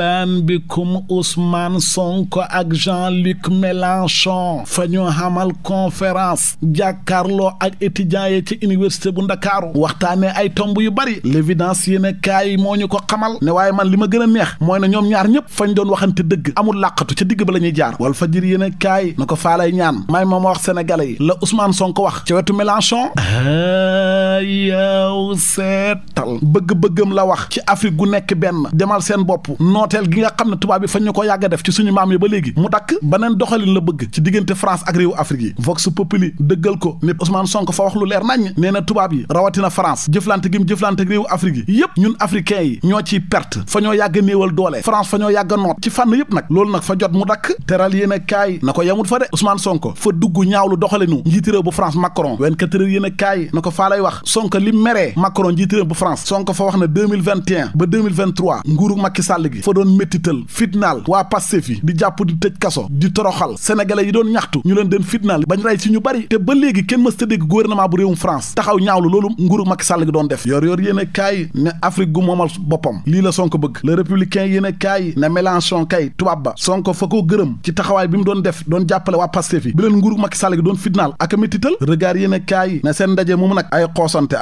ahlan bikum Ousmane Sonko ak Jean-Luc Mélenchon fa ñu xamal conférence jàkkaarloo ak étudiants yi ci université bu Ndakaaru waxtaanee ay tomb yu bari l'évidence yéen a kaay moo ñu ko xamal ne waaye man li ma gën a neex mooy na ñoom ñaar ñëpp fañ doon waxante dëgg amul làqatu ca digg ba la ñuy jaar wal fajir yéen a kaay na ko faalay ñaan may moom a wax sénégalais yi la Ousmane Sonko wax ci wetu Mélenchon yow seetal bëgg-bëggam la wax ci Afrique gu nekk benn demal seen bopp nooteel gi nga tubaab bi fa ñu ko yàgg def ci suñu maam yi ba léegi mu dakk beneen doxalin la bëgg ci diggante France ak réewu Afrique yi Vox Populi dëggal ko ne Ousmane Sonko fa wax lu leer nañ nee na tubaab yi rawatina France jëflante gi mu jëflante ak réewu yi yëpp ñun africains yi ñoo ciy perte fa ñoo yàgg néewal doole France fa ñoo yàgg noot ci fànn yëpp nag loolu nag fa jot mu dakk teral yéen na ko yemut fa de Ousmane Sonko fa dugg ñaawlu doxalinu doon méttital fitnaal waa Pastef yi di jàpp di tëj kaso di toroxal sénégalais yi doon ñaxtu ñu leen doon fitnaal bañ rey ci ñu bari te ba léegi kenn mës ta dégg gouvernement bu réewum France taxaw ñaawlu loolu nguuru Macky Sall gi doon def yor yor kaay ne Afrique gu moomal boppam lii la Sonko bëgg le républicain yéen e kaay ne Mélenchon kay tubaab ba Sonko fa koo gërëm ci taxawaay bi mu doon def doon jàppale waa Pastef yi bi leen nguuru Macky Sall gi doon fitnaal ak méttital regard yéen e kaay ne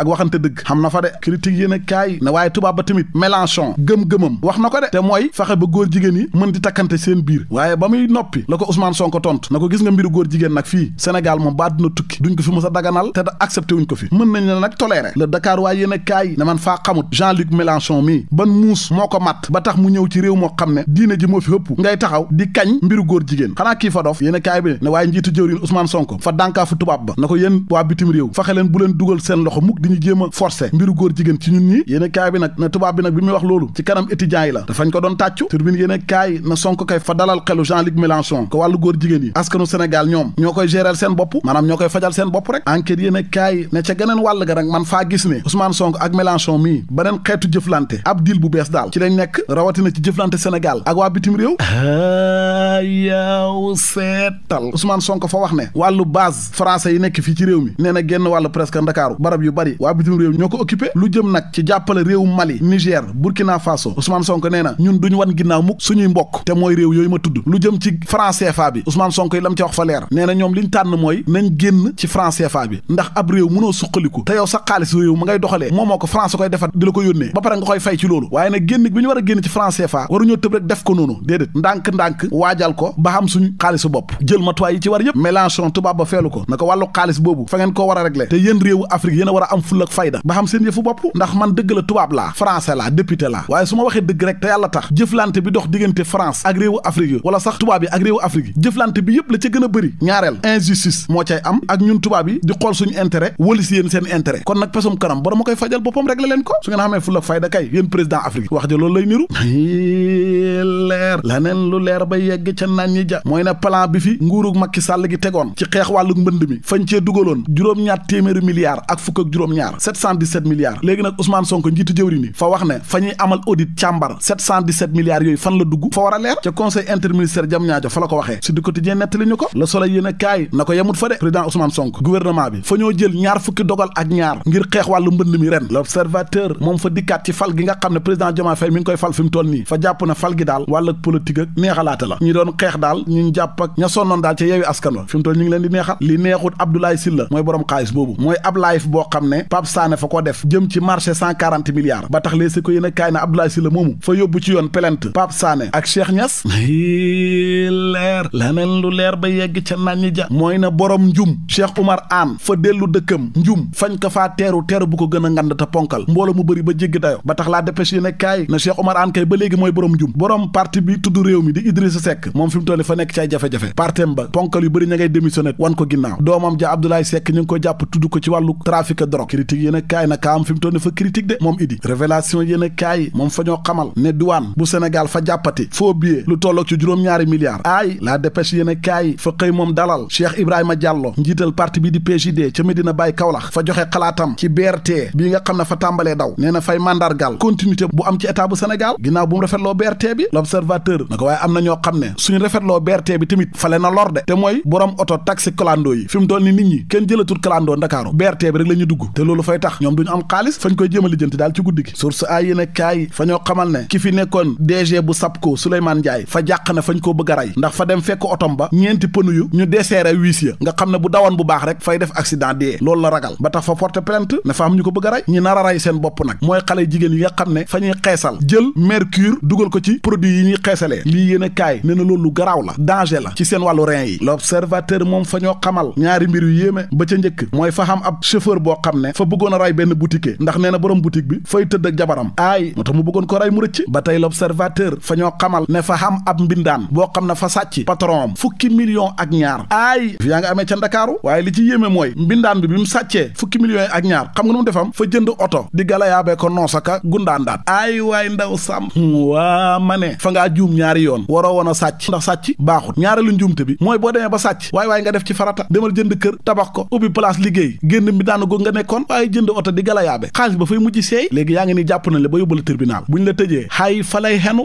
waxante dëgg xam na fa de critique e kaay ne waaye tubaab ba tamit Mélenchon gëm-gëmam wax na ko mooy fexe ba góor jigéen yi mën di takkante seen biir waaye ba muy noppi la ko Ousmane Sonko tontu na ko gis nga mbiru góor jigéen nag fii Sénégal moom ba àdduna tukki duñ ko fi mën nañ la nag toléré le Dakar waaye yéen ne man faa xamut Jean-Luc Mélenchon mii ban muus moo ko mat ba tax mu ñëw ci réew moo xam ne diine ji moo fi hëpp ngay taxaw di kañ mbiru góor jigéen xanaa kii fa dof yéen a kaay bi ne waaye njiitu jëwriñ Ousmane Sonko fa dànkaa fu tubaab ba na ko yéen waa bitim réew fexe leen bu leen seen loxo mukk di ñu jéem a forcé mbiru góor jigéen ci ñun ñi yéen a kaay doon tàccu turbine yéen a kaay na Sonko kay fa dalal xelu Jean-Luc Mélenchon ko wàllu góor jigéen yi askanu Sénégal ñoom ñoo koy géral seen bopp maanaam ñoo koy fajal seen bopp rek enquête yéen a kaay ca geneen wàll ga nag man faa gis ne Ousmane sonk ak Mélenchon mii beneen xeetu jëflante ab deal bu bees daal ci lañ nekk rawatina ci jëflante Sénégal ak waa bitim réew ah, yaw seetal Ousmane sonk fa wax ne wàllu base français yi nekk fii ci réew mi nee na génn wàllu presque Ndakaaru barab yu bari waa bitim réew ñoo ko occupé lu jëm nag ci jàppale réewu Mali Niger Burkina Faso duñu wan ginnaaw mukk suñuy mbokk te mooy réew yooyu ma tudd lu jëm ci franc CFA bi Ousmane Sonko yi lam wax fa leer nee na ñoom liñ tànn mooy nañ génn ci franc CFA bi ndax ab réew mënoo suqaliku te yow sa xaalis réew ma ngay doxalee moomoo ko France koy defat di la ko yónnee ba pare nga koy fay ci loolu waaye nag génn bi ñu war a génn ci franc CFA waruñoo tëb rek def ko noonu déedéet ndànk-ndànk waajal ko ba xam suñu xaalisu bopp jël matuwaay yi ci war yëpp Mélenchon tubaab ba feelu ko na ko xaalis boobu fa ngeen ko war a régler te yéen réewu Afrique a war a am fulla ak fayda ba bopp ndax man dëgg la tubaab laa français laa député laa waaye su ma waxee dëgg rek te yàlla tax jëflante bi dox diggante France ak réewu Afrique wala sax tubaab yi ak réewu Afrique yi jëflante bi yëpp la ca gën a bëri ñaareel injustice moo cay am ak ñun tubaab yi di xool suñu intérêt wëli si yéen seen intérêt kon nag pesum kanam borom ma koy fajal boppam régler leen ko su ngeen xamee fulla fayda kay yéen président Afrique wax ja loolu lay niru leer laneen lu leer ba yegg ca naan ñi ja mooy ne plan bi fi nguurug Macky sàll gi tegoon ci xeex wàllu mbënd mi fañ cee dugaloon juróom-ñaar téeméeri milliards ak fukk ak juróom-ñaar 717 milliards léegi nag Ousmane Sonko njiitu jëwri ni fa wax ne fa ñuy amal audit càmbar 77 milliards yooyu fan la dugg fa war a leer ca conseil interministériel jam ñaajo fa la ko waxee su du quotidien nettali ñu ko le soleil yéen kaay na ko yemut fa de président Ousmane Sonko gouvernement bi fa ñoo jël ñaar fukki dogal ak ñaar ngir xeex wàllu mbënd mi ren l'observateur moom fa dikkaat ci fal gi nga xam ne président Diomaye Faye mi koy fal fi mu nii fa jàpp na fal gi daal wàllug politique ak neexalaate la ñi doon xeex daal ñu jàpp a woon plainte Pape Sané ak Cheikh Niass leer laneen lu leer ba yegg ca nañ ja mooy na borom njum Cheikh Oumar Anne fa dellu dëkkam njum fañ ko faa teeru teeru bu ko gën a ngand te ponkal mbooloo mu bëri ba jéggi dayo ba tax laa dépêche yéen kaay na Cheikh Oumar Anne kay ba léegi mooy borom njum borom parti bi tudd réew mi di Idrissa Seck moom fi mu fa nekk ci ay jafe-jafe partem ba ponkal yu bëri ña ngay démissionné wan ko ginnaaw doomam ja Abdoulaye Seck ñu ngi ko jàpp tudd ko ci wàllu trafic drogue moom idi révélation yéen kaay moom fa ñoo bu Sénégal fa jàppati faux billet lu tolloog ci juróom-ñaari milliards aay la dépêche yéen a kaay fa xëy moom dalal Cheikh Ibrahima Diallo njiital parti bi di PJD ca Medina Baye Kaolack fa joxe xalaatam ci BRT bii nga xam ne fa tàmbalee daw nee na fay mandargal continuité bu am ci état bu Sénégal ginnaaw bu mu rafetloo BRT bi l'observateur na ko waaye am na ñoo xam ne suñu rafetloo BRT bi tamit fale na lor de te mooy borom oto taxi clando yi fi mu toll ni nit ñi kenn jëlatul clando Ndakaaru BRT bi rek la ñu te loolu fay tax ñoom duñu am xaalis fañ koy jéem a lijjanti daal ci guddi gi source ay fekkoon bu SAPCO Souleymane Ndiaye fa jàq na fañ koo bëgg a rey ndax fa dem fekk otom ba ñeenti pënu yu ñu deseere wiis ya nga xam ne bu dawoon bu baax rek fay def accident dee loolu la ragal ba tax fa porter plainte ne fa am ñu ko bëgg a rey ñi nar a rey seen bopp nag mooy xale jigéen yi nga xam ne fa ñuy xeesal jël mercure dugal ko ci produit yi ñuy xeesalee lii yéen a kaay nee na loolu lu garaaw la danger la ci seen wàllu rein yi l'observateur moom fa ñoo ba ca njëkk mooy fa xam boo xam ne fa bëggoon a rey benn boutique ndax nee na borom boutique bi fay tëdd ak jabaram aay l'observateur fa ñoo xamal ne fa xam ab mbindaan boo xam ne fa sàcc patron am fukki million ak ñaar aay yaa nga amee ca ndakaaru waaye li ci yéeme mooy mbindaan bi bi mu sàccee fukki millions ak ñaar xam nga nu mu defam fa jënd oto di galayaabee ko noosaka gundaan daat aay waay ndaw sàmm waa ma ne fa ngaa juum ñaari yoon waroo woon a sàcc ndax sàcc baaxut ñaareelu njuumte bi mooy boo demee ba sàcc waay waay nga def ci farata demal jënd kër tabax ko ubbi place liggéey génn mbindaanu goog nga nekkoon waaye jënd oto di galayaabe xaalis ba fay mujj seey léegi yaa ngi ni jàpp nañ la ba yóbbu la tribunal buñ la lay xenu